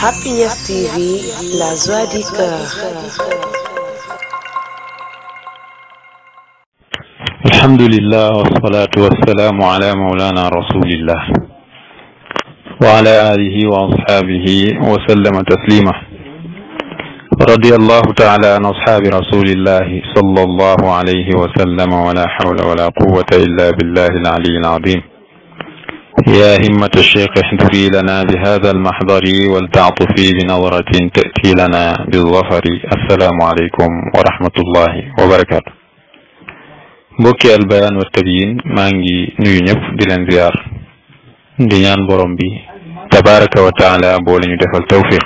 Happiness TV, la joie du cœur. الحمد لله والصلاة والسلام على مولانا رسول الله وعلى آله وأصحابه وسلم تسليما رضي الله تعالى عن أصحاب رسول الله صلى الله عليه وسلم ولا حول ولا قوة إلا بالله العلي العظيم يا همة الشيخ احذفي لنا بهذا المحضر والتعطفي بنظرة تأتي لنا بالظفر السلام عليكم ورحمة الله وبركاته بوكي البيان والتبيين مانجي نينف بالانزيار ديان بورومبي تبارك وتعالى بولن يدفع التوفيق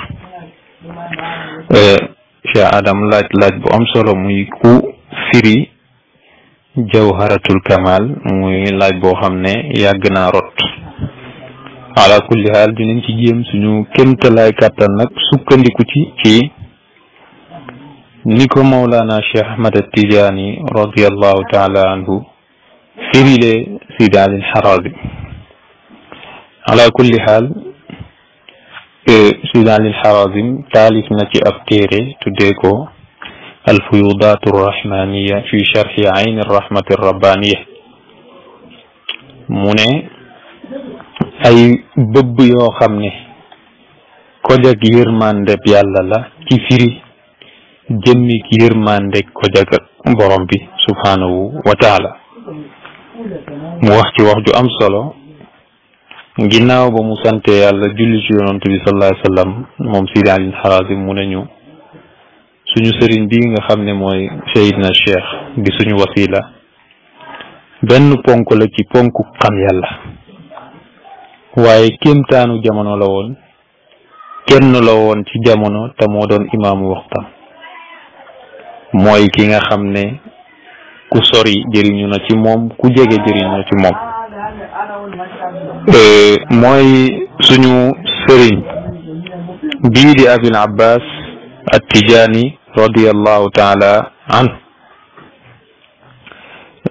أه، شا آدم لات لات بأم سلمي كو سيري جوهرة الكمال مي لات بوهم ني يغنى رط ala kulli haal dinañ ci jéem suñu kémtalaay kàttan nag sukkandiku ci ci ni ko mawlaana cheikh ahmad tijaani radiallahu taala anhu firile sidi alil xarabi ala kulli haal sidi alil xarabi taalif na ci ab téere tuddee ko alfuyudaatu arrahmaniya fi charxi ayni arrahmati arrabbaniya mu ne ay bëbb yoo xam ne kojak yërmandeb yàlla la ci firi jëmmik yërmandeg kojak borom bi subhaanahu wa taala mu wax ci wax ju am solo ginnaaw ba mu sante yàlla julli ci yonantu bi sallallahu alayhi wa moom Sidi Alin Harazim mu ne ñu suñu sëriñ bi nga xam ne mooy Seydina Cheikh di suñu wasila benn ponk la ci ponk xam yàlla waaye kéemtaanu jamono la woon kenn la woon ci jamono te moo doon imaamu waxtam mooy ki nga xam ne ku sori jëriñu na ci moom ku jege jëriñu na ci moom mooy suñu sëriñ bii di abil abbas attijaani radiallahu taala anhu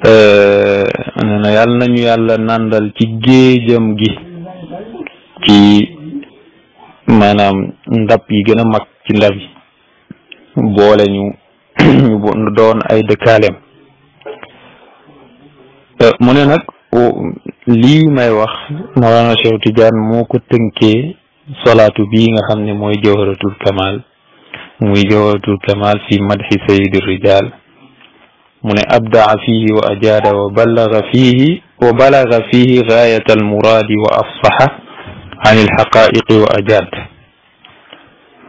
nee na yàlla nañu yàlla nàndal ci géejam gi ci maanaam ndab yi gën a mag ci ndab boole ñu ñu doon ay dëkkaaleem euh, mu ne nag oh, lii may wax Mawlana Cheikh Tidiane moo ko tënkee solaatu bi nga xam ne mooy jawharatul kamal muy jawharatul kamal fi madhi sayidi rijal mu ne abdaa fihi wa ajaada wa ballaga fihi wa balaga fihi gaayata almuraadi wa afsaxa an il xaqaiqi wa ajaad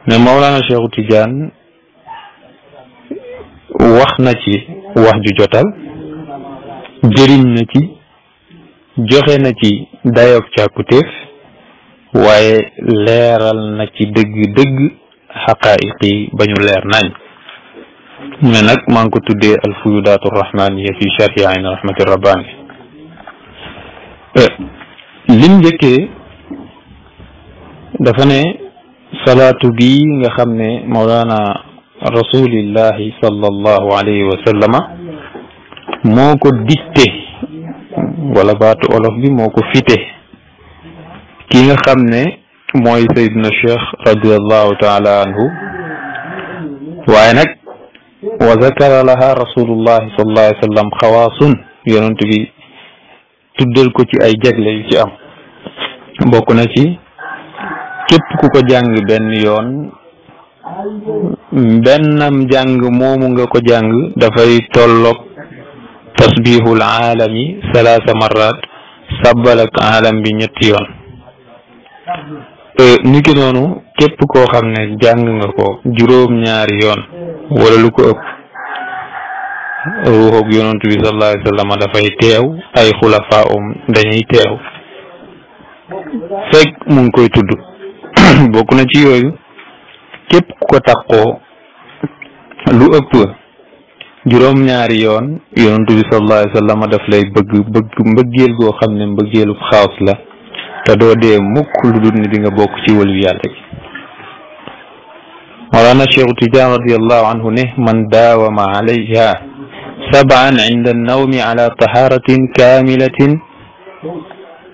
ne Mawlana Cheikhu Tidiane wax na ci wax ju jotal jëriñ na ci joxe na ci dayob càkkutéef waaye leeral na ci dëgg-dëgg xaqaayiq ba ñu leer nañ ne nag maa ko tuddee alfuyudaatu rahmaniya fi charhi ayn rahmati rabbani eh, lim njëkkee dafa salaatu gi nga xam ne mawlaana rasulillahi sallallahu alayhi wa moo ko dicté wala baatu olof bi moo ko fite ki nga xam ne mooy sayduna cheikh radiallahu taala anhu waaye nag wa zakara laha rasulullahi sallallahu alayhi wa sallam bi tuddal ko ci ay jagle yu ci am bokk na ci képp ku ko jàng benn yoon bennam jàng moomu nga ko jàng dafay tolloog tasbihul aalami salaasa marat sàbbalak aalam bi ñetti yoon euh, niki noonu képp koo xam ne jàng nga ko juróom-ñaari yoon wala lu ko ëpp ruuxoog yonantu bi sallallahu dafay teew ay xulafaum dañuy teew fekk mu ngi koy tudd bokk na ci yooyu képp ku ko takkoo lu ëpp juróom-ñaari yoon yonentu bi sallallahu alayhi wa sallam daf lay bëgg bëgg mbëggeel goo xam ne mbëggeelu xaas la te doo dee mukk lu dul ni di nga bokk ci wal yàlla gi Mawlana Cheikhu Tijaan radiyallahu anhu ne man daawama alayha saban inda annawmi ala taharatin kaamilatin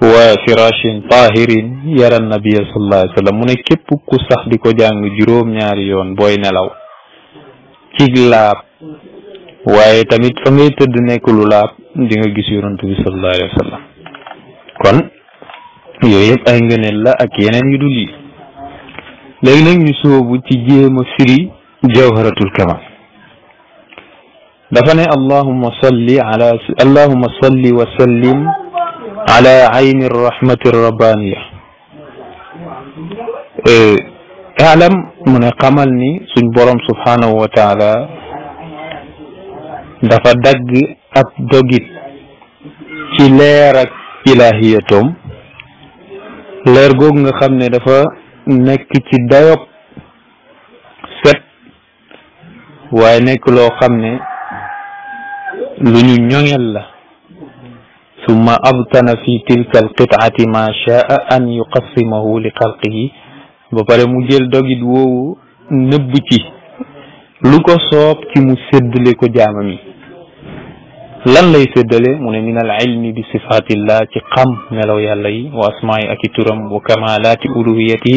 wa firashin tahirin yara nabia sallallahu alayhi wa sallam mu ne képp ku sax di ko jàng juróom-ñaari yoon booy nelaw ci laab waaye tamit fa ngay tëdd nekk lu laab di nga gis yonantu bi sallallahu alayhi wa sallam kon yooyu yëpp ay ngëneel la ak yeneen yu dul yi léegi nag ñu sóobu ci jéem a firi jawharatul kamal dafa ne allahumma salli ala allahumma salli wa sallim ala ayni rahmati rabbaniya e, alam mu ne xamal ni suñ borom subhanahu wa taala dafa dagg ab dogit ci leer ak leer googu nga xam ne dafa nekk ci dayob set waaye nekk loo xam ne lu ñu ñoŋel la ثم أبطن في تلك القطعة ما شاء أن يقسمه لخلقه بباري مجيل دوغي دوو نبوتي لوكو صوب كي مسد لكو جامامي لن لي سدلي من من العلم بصفات الله كي قام نلو يالي واسماء اكي ترم وكمالات ألوهيتي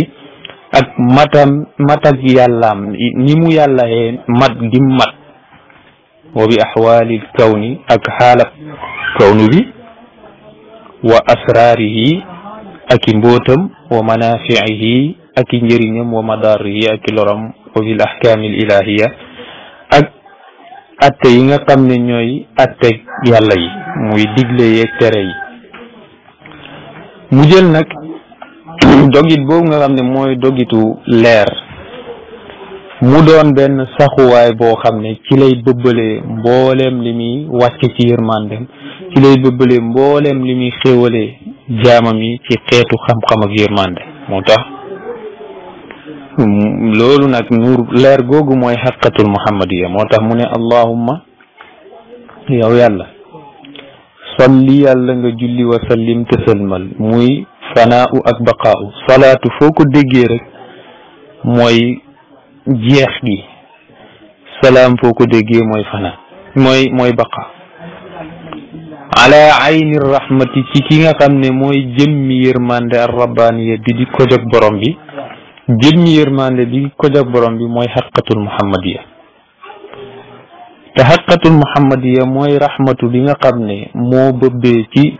اك متم متك يالام نمو يالله مد دمت وبأحوال الكون اك حالك كون بي wa asraarihi ak i mbóotam wa manaafiihi ak i njëriñam wa madaarihi ak i loram wa fil ahkaami al ak atte yi nga xam ne ñooy atte yàlla muy digle ye tere yi mu jël nag dogit boobu nga xam ne mooy dogitu leer mu doon benn saxuwaay boo xam ne ci lay bëbbalee mboolem li muy wàcc ci yërmandem ci lay bëbbalee mbooleem li muy xéwalee jaamam yi ci xeetu xam-xam ak yërmande moo tax loolu nag nuur leer googu mooy xaqatul moo tax mu ne allahumma yow yàlla salli yàlla nga julli wa sallim te sëlmal muy fanaa'u ak baqaa'u salaatu foo ko déggee rek mooy jeex gi salaam foo ko déggee mooy fanaan mooy mooy baqa ala ayni rahmati ci ki nga xam ne mooy jëmmi yërmande ar rabbaniya bi di ko jóg borom bi jëmmi yërmande bi ko jóg borom bi mooy xaqatul muhammadiya te xaqatul muhammadiya mooy raxmatu bi nga xam ne moo bëbbee ci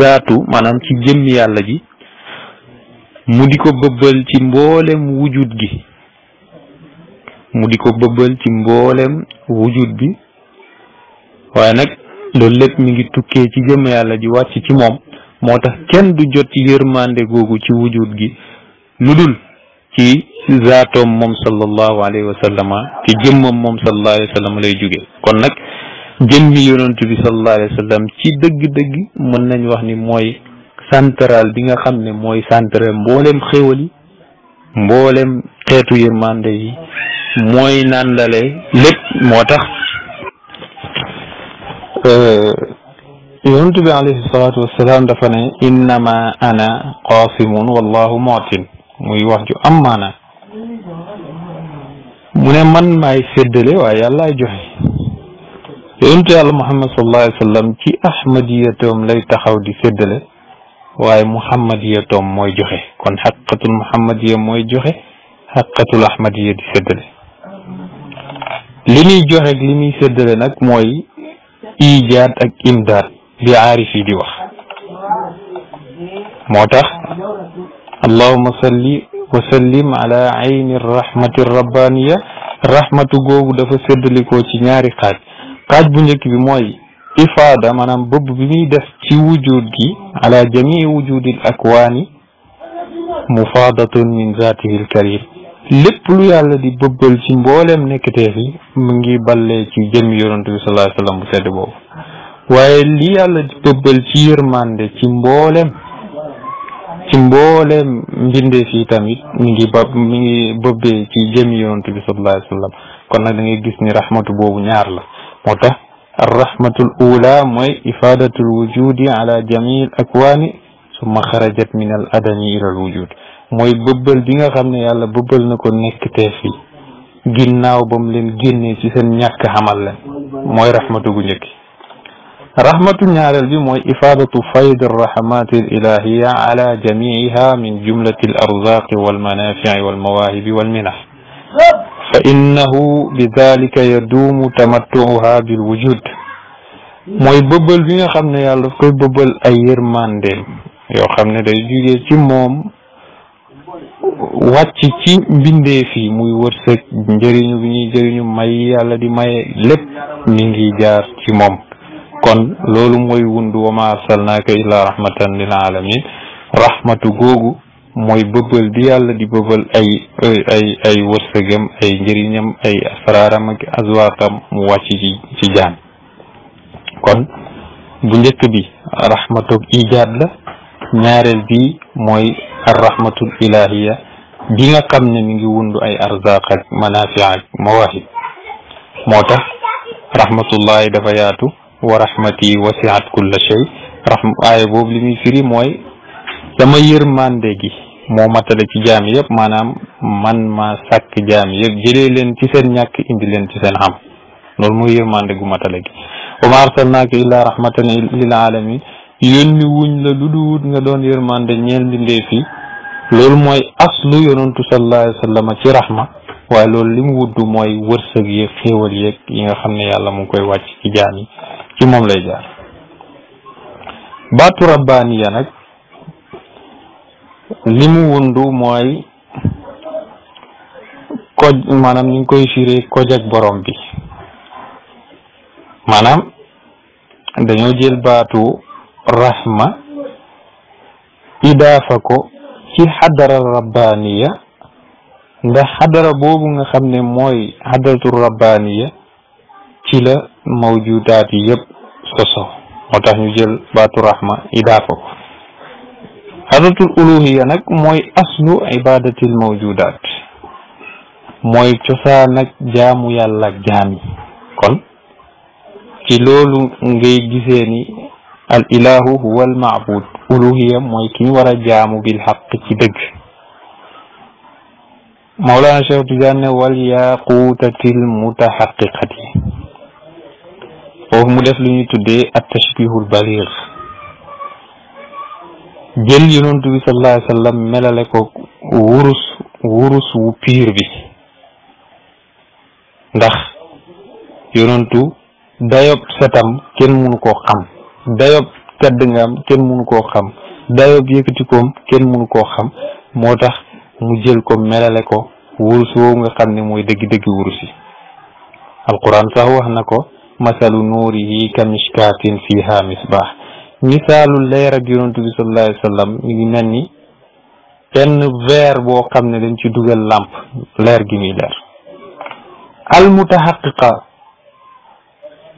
zaatu maanaam ci jëmmi yàlla ji mu di ko bëbbal ci mboolem wujud gi mu di ko bëbbal ci mboolem wujud bi waaye nag loolu lépp mi ngi tukkee ci jëm yàlla ji wàcc ci moom moo tax kenn du jot yërmande googu ci wujud gi lu dul ci zaatoom moom sallallahu alayhi wa sallama ci jëmmam moom sallallahu alayhi wa sallam lay jógee kon nag jëmmi yonent bi sallallahu alayhi wa ci dëgg-dëgg mën nañ wax ni mooy central bi nga xam ne mooy centre mbooleem xéwal yi mboolem xeetu yërmande yi mooy nandale lépp moo tax euh, yonent bi alayhi salaatu wassalaam dafa ne innama muy wax ju am maana mu ne man maay séddale waaye yàllaay joxe yonent yàlla muhammad sallallahu alayhi wa sallam ci ahmadiyatam lay taxaw di séddale waaye muhammadiya toom mooy joxe kon xaqiqatul muhammadiya mooy joxe xaqiqatul ahmadiya di séddale li muy joxe ak li muy séddale nag mooy ijaad ak imdaad bi aarif yi di wax moo tax allahuma salli wa sallim ala ayni rahmati rabbaniya rahmatu googu dafa séddalikoo ci ñaari xaaj xaaj bu njëkk bi mooy ifaada maanaam bëbb bi muy def ci wujud gi ala jamii wujudi l akwaani mufaadatun min zaatihi l karim lépp lu yàlla di bëbbal ci mboolem nekkateef yi mu ngi ballee ci jëm yonent bi sallallahu bu sedd boobu waaye li yàlla di bëbbal ci yërmande ci mbooleem ci mbooleem yi tamit mu ngi ba mi ngi bëbbee ci jëm yonent bi sallallahu alayhi kon nag da gis ni rahmatu boobu ñaar la الرحمة الأولى مي إفادة الوجود على جميع الأكوان ثم خرجت من الأدم إلى الوجود مي ببل ديغا يا يالا ببل نكون نيك جنا غيناو بام لين غيني سي مي رحمة غنيك رحمة نيارل بي مي إفادة فيض الرحمات الإلهية على جميعها من جملة الأرزاق والمنافع والمواهب والمنح fa innahu bi dalika yaduumu tamattuha bil wujud mooy bëbbal bi nga xam ne yàlla daf koy bëbbal ay yërmandeem yoo xam ne day jugee ci moom wàcc ci mbindeef yi muy wërsëg njëriñu bi ñuy jëriñu may yàlla di maye lépp mi ngi jaar ci moom kon loolu mooy wundu wa ma arsalnaaka illaa rahmatan lil alamin rahmatu googu mooy bëbal bi yàlla di bëbal ay ay ay wërsëgam ay njëriñam ay asraaram ak azwaatam mu wàcc ci ci jaan kon bu njëkk bi rahmatoog ijaad la ñaareel bi mooy arrahmatul ilahiya bi nga xam ne ngi wundu ay arzaq ak manafi ak mawahib moo tax rahmatullahi dafa yaatu wa rahmati wasiat kulla shay rahm aaya li muy firi mooy sama yërmande gi moo matale ci jaam yëpp maanaam man ma sàkk jaam yëpp jëlee leen ci seen ñàkk indi leen ci seen xam loolu mooy yërmande gu matale gi wa ma arsalnaaka illaa rahmatan lil alamin yónni wuñ la lu duwut nga doon yërmande ñeel mbindee fii loolu mooy aslu yonantu sa alayhi wa sallam ci rahma waaye loolu li mu wudd mooy wërsëg yeeg xéewal yeeg yi nga xam ne yàlla mu koy wàcc ci jaam yi ci moom lay jaar baatu rabbaaniya nag li mu wundu mooy koj maanaam ñu ngi koy fiire koj ak borom bi maanaam dañoo jël baatu raxma rahma idaafa ko ci xadara rabbaniya ndax xadara boobu nga xam ne mooy xadaratu rabbaniya ci la mawjudaat yi yëpp soso moo tax ñu jël baatu rahma idaafa ko adatul uluhiya nag mooy aslu ibadatil mawjudat mooy cosaan jaamu yàlla ak jaam kon ci loolu ngay gisee ni al ilahu huwa al maabud mooy ki ñu war a jaamu bil xaq ci dëgg Mawlana Cheikh Tidiane wal yaquutatil mutaxaqiqati foofu mu def lu ñuy tuddee at tashbihul baliir jël yonent bi sallallahu alayhi wa melale ko wurus wurus wu piir bi ndax yonentu dayob setam kenn mënu koo xam dayob tedd ngaam kenn mënu koo xam dayob yëkkatikoom kenn mënu koo xam moo tax mu jël ko melale ko wurus woowu nga xam ni mooy dëgg-dëgg wurus yi alquran sax wax na ko masalu nuurihi ka mishkaatin fiha misbaax misaalul leer ak yonantu bi sallallahu alayhi mi ngi mel ni benn verre boo xam ne dañ ci dugal làmp leer gi muy leer almutahaqiqa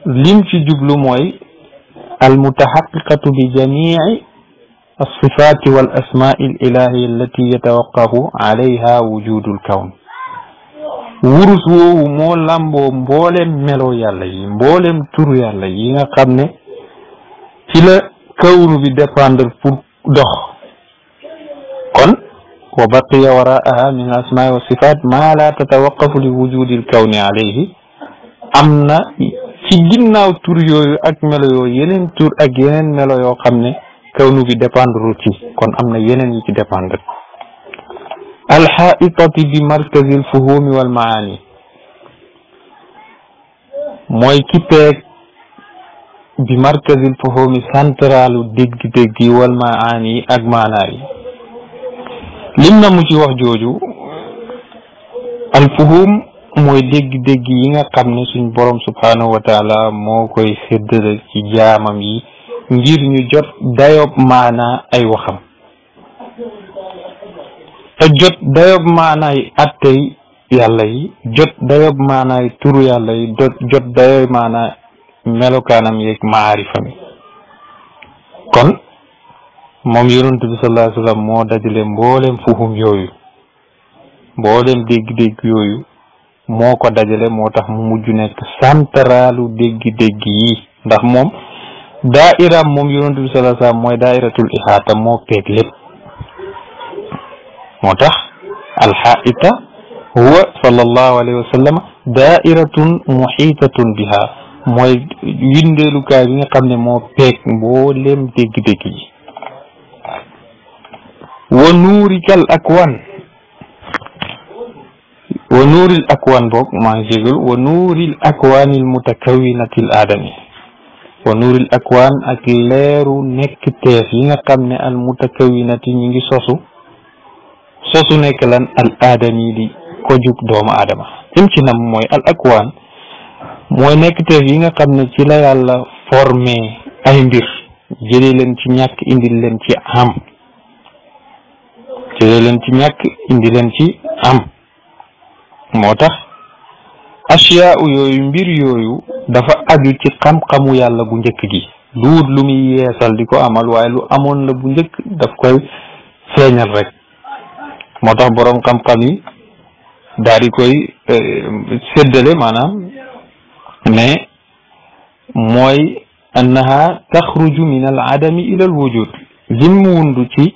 lim ci jublu mooy almutahaqiqatu bi jamii alsifaati wal asmaai al ilahiya allati yatawaqqafu alayha wujudul kawn wurus woowu moo làmboo mbooleem melo yàlla yi mbooleem turu yàlla yi nga xam ne ci la kawnu bi dépendre pour dox kon wa baqiya waraaha min asmaai wa sifaat maa la tatawaqafu li wujudi l kawni alayhi am na ci ginnaaw tur yooyu ak melo yooyu yeneen tur ak yeneen melo yoo xam ne kawnu bi dépendre ci kon am na yeneen yi ci dépendre alxaitati bi markazi l fuhumi wal maani mooy ki peeg bi markazil fahoomi centralu dégg-dégg yi wal ak maanaa yi lim na mu ci wax jooju al mooy dégg-dégg yi nga xam ne suñ borom subhaanahu wa moo koy séddale ci jaamam yi ngir ñu jot dayob maanaa ay waxam te jot dayob maanaa yi attey yàlla yi jot dayob maanaa yi turu yàlla yi jot dayob maanaa melokaanam yeeg maarifa mi kon moom yonent bi sallallahu alayhi moo dajale mbooleem fuhum yooyu mboolem dégg-dégg yooyu moo ko dajale moo tax mu mujj nekk santaraalu dégg yi ndax moom daairam moom yonent bi sallallahu alayhi wa sallam mooy daairatul ihaata moo peeg moo tax alxaita huwa sallallahu alayhi wa sallam biha mooy windeelukaay bi nga xam ne moo peeg mbooleem dégg-dégg yi ak nuurikal akwaan wa nuuril akwaan boog maa ngi jégal wa nuuril akwaanil mutakawinatil aadami wa nuuril akwaan ak leeru nekk teef yi nga xam ne al mutakawinati ñi ngi sosu sosu nekk lan al aadami di ko jug doomu aadama lim ci nam mooy al akwaan mooy nekkteef yi nga xam ne ci la yàlla formé ay mbir jëlee leen ci ñàkk indi leen ci am jëlee leen ci ñàkk indi leen ci am moo tax asiyaa yooyu mbir yooyu dafa aju ci xam-xamu yàlla gu njëkk gi lu wut lu muy yeesal di ko amal waaye lu amoon la bu njëkk daf koy feeñal rek moo tax boroom xam-xam yi daal di koy eh, séddale maanaam mais mooy annaha taxruju min al adami ila al wujud lim wundu ci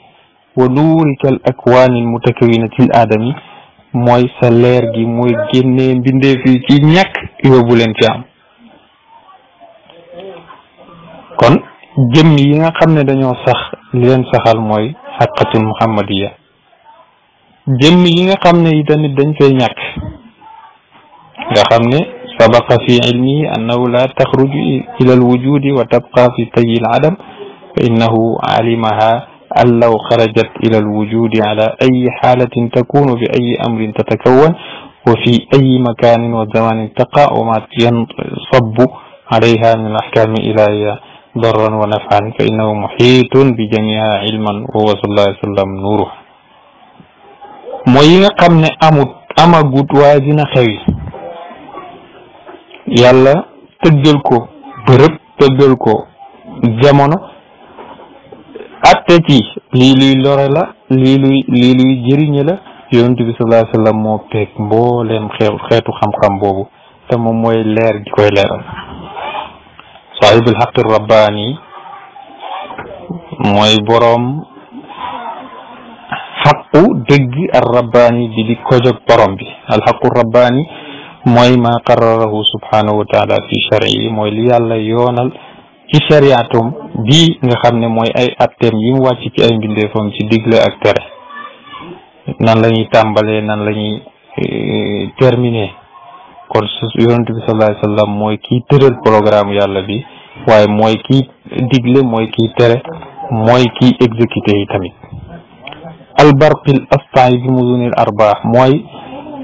wa nuurika al akwaani al mutakawinati al adami mooy sa leer gi mooy génnee mbindeef yi ci ñàkk yoobu leen fi am kon jëmm yi nga xam ne dañoo sax li leen saxal mooy xaqatul muhammadiya jëmm yi nga xam ne itamit dañ fay ñàkk nga xam ne سبق في علمه أنه لا تخرج إلى الوجود وتبقى في طي العدم فإنه علمها أن لو خرجت إلى الوجود على أي حالة تكون في أي أمر تتكون وفي أي مكان وزمان تقع وما ينصب عليها من الأحكام الهية ضرا ونفعا فإنه محيط بجميعها علما وهو صلى الله عليه وسلم نوره mooy yi nga xam ne amut yàlla tëggal ko bërëb tëggal ko jamono atte ci lii luy lore la lii luy lii la yonent bi sallallahu moo peeg mbooleem xeetu xeetu xam-xam boobu te moom mooy leer gi koy leeral saahibul xaqi rabbaani mooy borom xaqu dëgg ar rabbaani bi di ko borom bi al xaqu rabbaani mooy ma qararahu subhanahu wa taala fi shar'i mooy li yàlla yoonal ci shariatum bii nga xam ne mooy ay atteem yi mu wàcc ci ay mbindeefam ci digle ak tere nan la ñuy tàmbalee nan la ñuy eh, terminer kon su yonent bi sallallahu alayhi wasallam mooy kii tëral programme yàlla bi waaye mooy kii digle mooy kii tere mooy kii exécuté yi tamit albarqil astan yi bi muzunil arbaax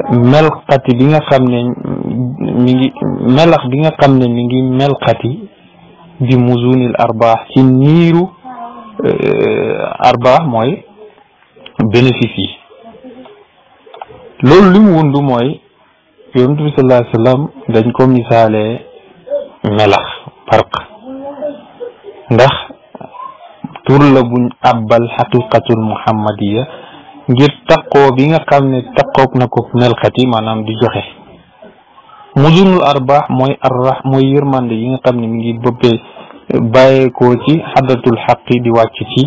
melxati bi nga xam ne mi ngi bi nga xam ne mi ngi melxati bi muzunil arbaax niiru euh, arbaax mooy bénéfice yi loolu li mu wundu mooy yonent bi sallallahu wa sallam dañ ko misaale melax parq ndax tur la buñ abbal xaqiqatul muhammadiya ngir taqoo bi nga xamne ne taqoog na ko melxat yi di joxe muzunul arbaax moy arrah moy yërmande yi nga xamne mi ngi bobbe baye ko ci hadatul xaqi di wàcc ci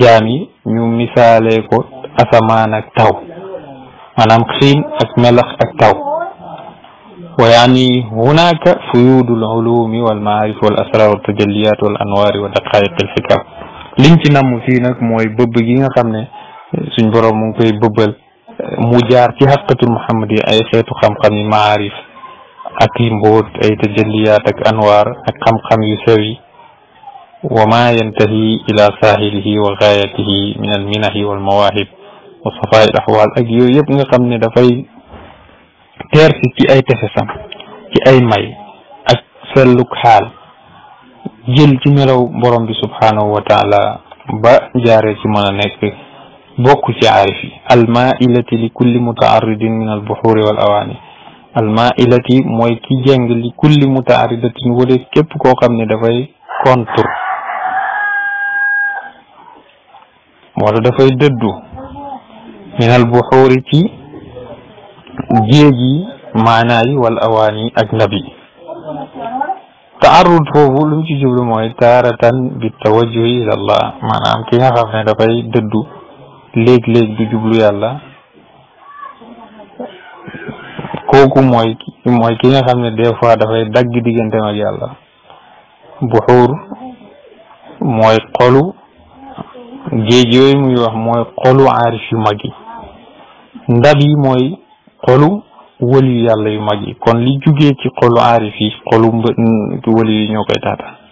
jami ñu misale ko asaman ak taw manam xiin ak melax ak taw ويعني هناك فيود العلوم والمعارف والاسرار والتجليات والانوار ودقائق الفكر لينتي نامو anwaari wa daqaiq al fikar liñ suñ borom mu ngi koy bëbbal mu jaar ci xaqiqatul muhammad yi ay xeetu xam-xam yi maarif ak i mbóot ay tajalliyaat ak anwaar ak xam-xam yu sew yi wa ma yantahi ila sahilihi wa gaayatihi min al minahi wal mawahib wa safaai al ahwal ak yooyu yëpp nga xam ne dafay teer si ci ay tefesam ci ay may ak selluk xaal jël ci melaw borom bi subhanahu wa taala ba jaaree ci mën a nekk بوكوشي عارفي المائلة لكل متعرض من البحور والأواني المائلة مويكي جنج لكل متعرضة ولي كيب كوكا من دفاي كونتر مولا دفاي ددو من البحور تي جيجي معناي والأواني أجنبي تعرض فوهو لمشي جبل مويتارة بالتوجه إلى الله معنام كيها خفنا دفاي ددو léeg-léeg di jublu yàlla kooku mooy mooy ki nga xam ne des fois dafay dagg digganteem ak yàlla buxuur mooy xolu géej yooyu muy wax mooy xolu aarif yu mag yi ndab yi mooy xolu wëli yu yàlla yu mag yi kon li jugee ci xolu aarif yi xolu wëli yi ñoo koy taataan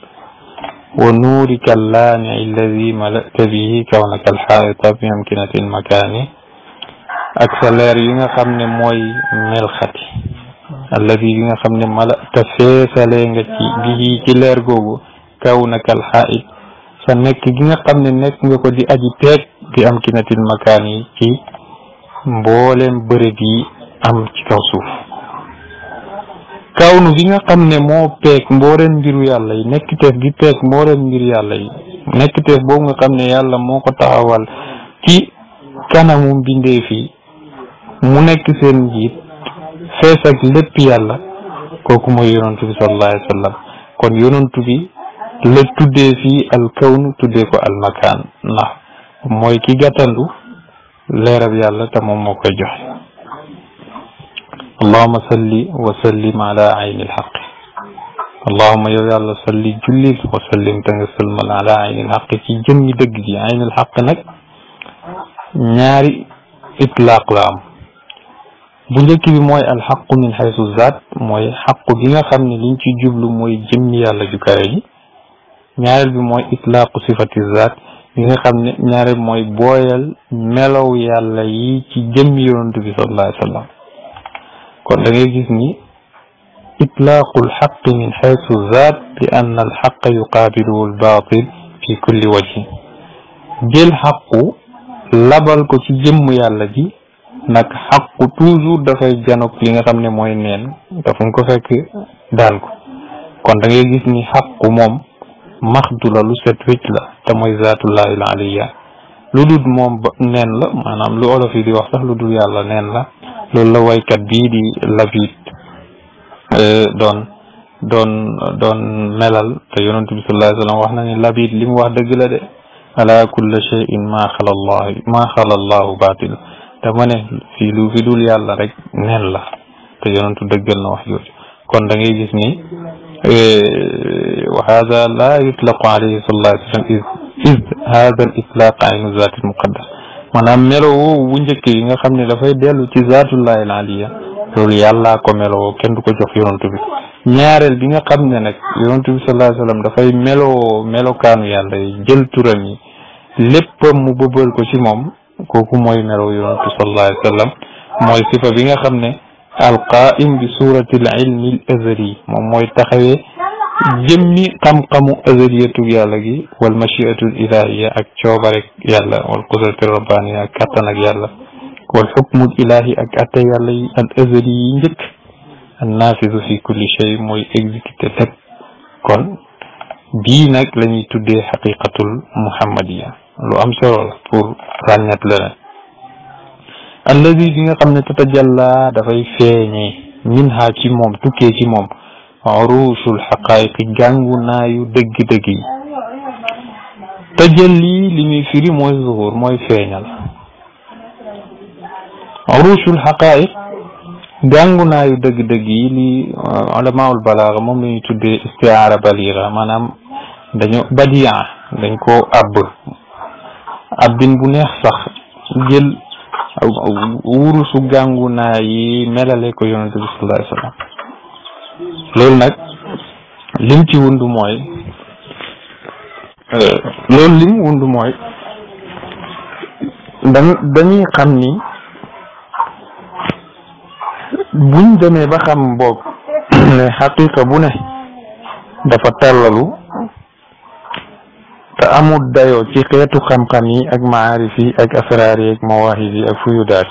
ونورك اللامع الذي ملأت به كونك الحائط بأمكنة المكان accélère yi nga xam ne mooy melxati yi nga xam ne mala te feesalee nga ci bii ci leer googu kaw nakal xaayit sa gi nga xam ne nekk nga ko di aji peeg bi am kinatil makaan yi ci mboolem bërëb yi am ci kaw kawnu gi nga xam ne moo peeg mbooleen mbiru yàlla yi nekkiteef gi peeg mbooleen mbiru yàlla yi nekkiteef boobu nga xam ne yàlla moo ko taxawal ci kanamu mbindeef yi mu nekk seen njiit fees ak lépp yàlla kooku mooy yonantu bi sallallahu alayhi kon yonantu bi la tuddee fii al kawnu tuddee ko al makaan ndax mooy ki gàttandu leerab yàlla te moom moo koy joxe اللهم صل وسلم على عين الحق اللهم يا الله صل جلل وسلم تنسلم على عين الحق في جمي دق دي عين الحق نك ناري اطلاق لام بنيكي بي موي الحق من حيث الذات موي حق بيغا خامني لي نتي جوبلو موي جمي يا الله جوكاري ñaaral bi mooy itlaaqu sifati zaat yi nga xam ne ñaareel mooy booyal melow yàlla yi ci jëmm yonent bi sallallahu alayhi kon da ngay gis ni itlaaqul xaqi min xaysu zaat bi ann alxaqa yuqaabiluhu albaatil fi kulli wajhi jël xaqu labal ko ci jëmm yàlla ji nag xaqu toujours dafay janoog li nga xam ne mooy neen dafa ko fekk daal ko kon da ngay gis ni xaqu moom maxdu la lu set wécc la te mooy zaatullahi aliya lu dul moom neen la maanaam lu olof yi di wax sax lu dul yàlla neen la loolu la waykat bii di Labiid euh, doon doon melal te yonent bi sallallahu wax na ne Labiid li mu wax dëgg la de ala kulli shay'in maa xala llaahu maa xala llaahu baatil dama ne fi dul yàlla rek neen la te yonentu dëggal na wax jooju kon da ngay gis ni euh, wa haada laa yutlaqu alayhi sallallahu alayhi wa sallam id hada al itlaq an zat al muqaddas maanaam melowoo wu njëkk yi nga xam ne dafay dellu ci zaatullahi al aliya loolu yàllaa ko melowoo kenn du ko jox yonantu bi ñaareel bi nga xam ne nag yonantu bi sallallahu alayhi wa sallam dafay melo melokaanu yàlla yi jël turam yi mu bëbal ko ci moom kooku mooy melow yonantu sallallahu alayhi wa sallam mooy sifa bi nga xam ne alqaim bi surati al ilmi al azali moom mooy taxawee jëmmi xam-xamu azaliyatug yàlla gi wal machiatul ilahiya ak coobarek yàlla wal qudratul rabbaniya ak kattan ak wal xukmul ilahi ak atte yàlla yi al azali yi fi kulli shay mooy exécuté lépp kon bii nag la ñuy tuddee xaqiqatul muhammadiya lu am solo la pour ràññat la bi nga xam ne tatajalla dafay feeñee min ha ci moom tukkee ci moom uruusul xaqaayiqi jàngu naayu dëgg-dëgg yi tajalli li muy firi mooy zuhur mooy feeñal uruusul xaqaayiq jàngu naayu dëgg-dëgg yi li euh, ulamaul balaaga moom la ñuy tuddee istiaara baliga maanaam dañu badiyan dañ koo àbb abbin bu neex sax jël wurusu gàngu naa yi melale ko yonente bi sallallahu alayhi wa sallam loolu nag lim ci wund mooy euh, loolu lim wund mooy dañu dañuy xam ni buñ demee ba xam boog ne xaqiqa bu ne dafa tallalu te amul dayoo ci xeetu xam-xam yi ak maarif yi ak asraar yi ak mawaahib yi ak fuyudaat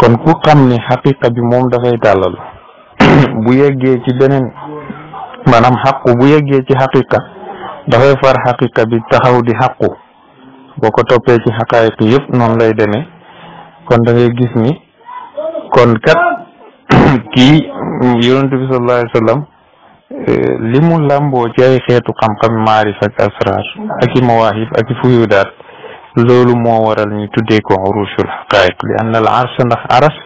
kon ku xam ni xaqiqa bi moom dafay tàllalu bu yeggee ci beneen maanaam xaqu bu yeggee ci xaqiqa dafay far xaqiqa bi taxaw di xaqu boo ko toppee ci xaqaayiq yëpp noonu lay demee kon da gis ni kon kat kii yonent bi sallallahu alayhi wa sallam eh, li mu làmboo ci ay xeetu xam-xam maarif ak asrar ak i mawaahib ak i fuyudaat loolu moo waral ñu tuddee ko urushul xaqaiq li anna al arsh ndax aras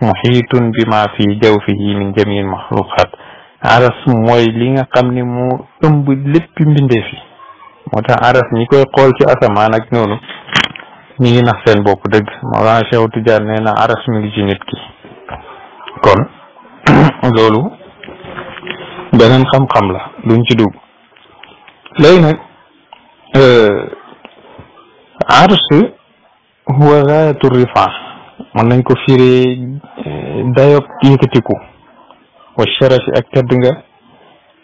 muxiitun bi ma fi jawfihi min jamil maxluqaat aras mooy li nga xam ne moo ëmb léppi mbindeef yi moo tax aras ñi koy xool ci asamaan ak noonu ñi ngi nax seen bopp dëgg Mawlana Cheikh Tidiane nee na aras mi ngi ci nit ki kon loolu beneen xam-xam la duñ ci dugg léegi nag euh, arsh huwa gaayatu rifa mën nañ ko firee dayob yëkkatiku wa sharafi ak tedd nga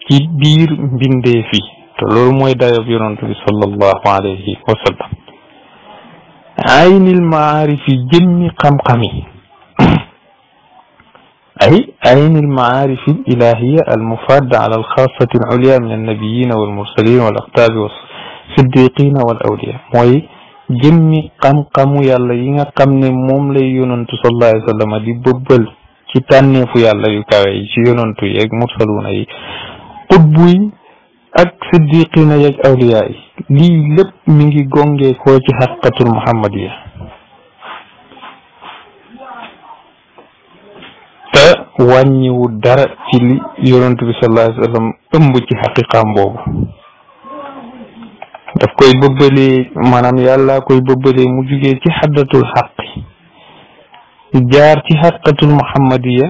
ci biir mbindee fi te loolu mooy dayob yonent bi sallallahu alayhi wa sallam aynil maarifi jëmmi xam-xami أي عين المعارف الإلهية المفادة على الخاصة العليا من النبيين والمرسلين والأقطاب والصديقين والأولياء موي jëmmi xam-xamu yàlla yi nga xam ne moom lay yonantu sallallahu alayhi wa sallam di bëbbal ci tànneefu yàlla yu kawe yi ci yonantu yeeg mursaluuna yi xutbu yi ak siddiqina yeeg awliya yi lii lépp mi ngi gongee koo ci xaqiqatul muhammadiya te wàññiwu dara ci li yonantu bi sallallahu alayhi ëmb ci xaqiqaam boobu daf koy bëbbalee maanaam yàlla koy bëbbalee mu jugee ci xaddatul xaqi jaar ci xaqiqatul muhammadiya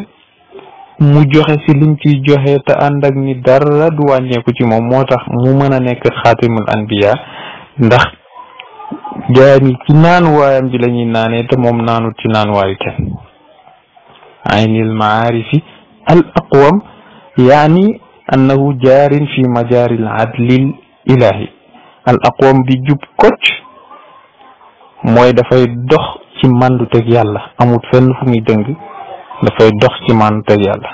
mu joxe si liñ ciy joxe te ànd ak ni dara du wàññeeku ci moom moo tax mu mën a nekk xaatimul anbiya ndax jaar yi naan waayam ji la ñuy naanee te moom naanut ci naan waayu kenn aynil maarifi al aqwam yaani annahu jaarin fi majaaril adlil ilahi al aqwam bi jub kocc mooy dafay dox ci màndu teg yàlla amut fenn fu muy dëng dafay dox ci màndu teg yàlla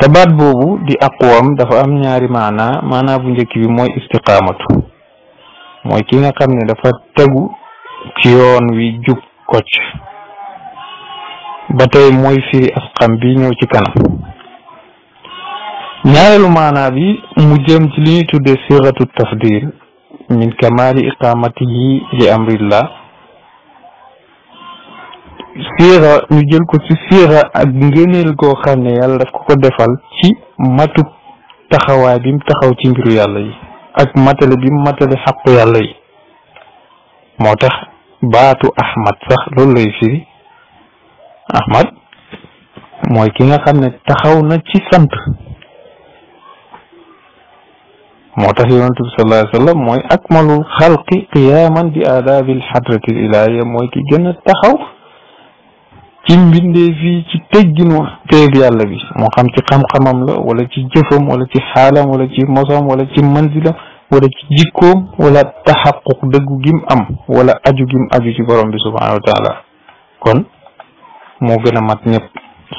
te baat boobu di aqwam dafa am ñaari maana maana bu njëkk bi mooy istiqaamatu mooy ki nga xam ne dafa tegu ci yoon wi jub koc ba tey mooy firi xam bi ñëw ci kanam ñaareelu maanaa bi mu jëm ci li ñuy tuddee siratu tafdil min kamali iqamatihi li amrillah sira ñu jël ko ci sira ak ngëneel goo xam ne yàlla daf ko ko defal ci matu taxawaay bi mu taxaw ci mbiru yàlla yi ak matale bi mu matale xàqu yàlla yi moo tax baatu ahmad sax loolu lay firi ahmad mooy ki nga xam ne taxaw na ci sant معتصما صلى الله عليه وسلم موي اكمل الخلق قياما باداب الحضره الالهيه موي كي جن تخاو تي مبيندي في تي تيجنو تيب يالا بي مو خام تي خام خامم لا ولا تي جيفوم ولا تي حالام ولا تي موسوم ولا تي منزله ولا تي جيكوم ولا تحقق دغ جيم ام ولا اجو جيم اجو تي بروم بي سبحانه الله كون مو غنا مات نيب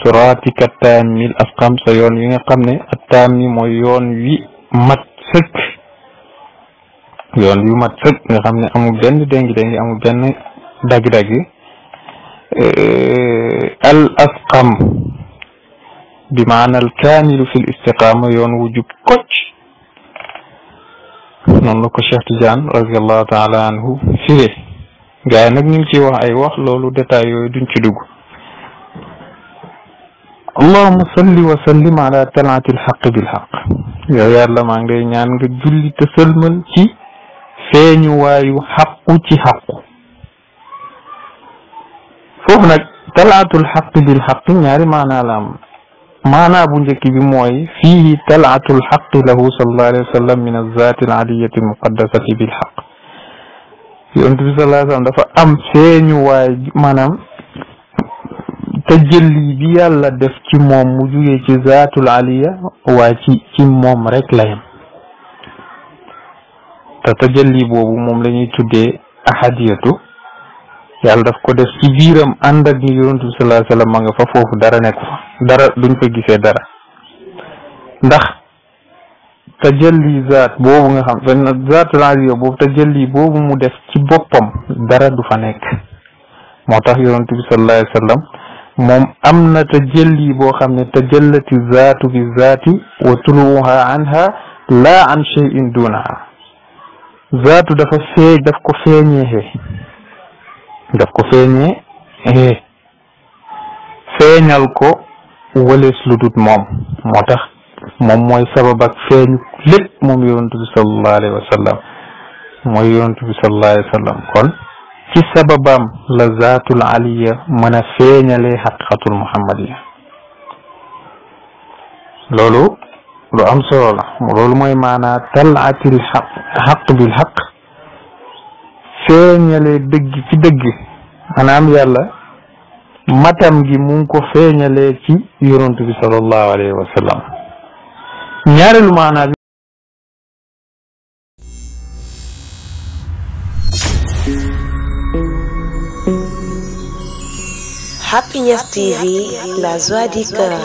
صراطك التام الافقام سيون يي خامني التام موي يون وي مات sëkk yoon yu mat sëkk nga xam ne amul benn déngi déngi amul benn dagg-dagg eh, al asqam bi maana al kaamilu fi l istiqaama yoon wu jub kocc noonu la ko Cheikh Tidiane radiallahu taala anhu firee gaa yi nag ñu ngi ciy wax ay wax loolu détail yooyu duñ ci dugg allahuma salli wa sallim ala talaati alxaq bilxaq yow yàlla maa ngi lay ñaan nga julli te sëlmal ci feeñuwaayu xaqu ci xaqu foofu nag talaatul xaq bil xaq ñaari maanaa la am maanaa bu njëkk bi mooy fiihi talaatul xaq lahu sallallahu alayhi wa sallam min azzaati aliyati almuqaddasati bil xaq yonent bi sallallahu alayhi wa sallam dafa am feeñuwaay maanaam tajalli bi yàlla def ci moom mu jugee ci zaatul aliya waaye ci ci moom rek la te te tajalli boobu moom lañuy ñuy tuddee ahadiyatu yàlla def ko def ci biiram ànd ak ñu yonent bi sallallahu alayhi fa foofu dara nekk fa dara duñ fa gisee dara ndax tajalli zaat boobu nga xam fenn zaatul aliya boobu tajalli boobu mu def ci boppam dara du fa nekk moo tax yonent bi sallallahu alayhi moom am na tajalli boo xam ne tajallati zaatu bi zaati wa tuluha anha laa an cheyin dunaha zaatu dafa feeñ daf ko feeñee daf ko feeñee feeñal ko walees lu dut moom tax moom mooy sabab ak feeñu lépp moom yonent bi sallallahu alayhi mooy yonent bi sallallahu alayhi wa kon ci sababam la zatul aliya mana feñale feeñalee muhammadiyya lolu lu am solo la lolu moy mana talatil haqq xaq bil haqq feñale deug ci deug manam yàlla matam gi mu ko feñale ci yaronte bi sallallahu alayhi wa sallam ñaareelu mana Happiness TV, la joie du cœur.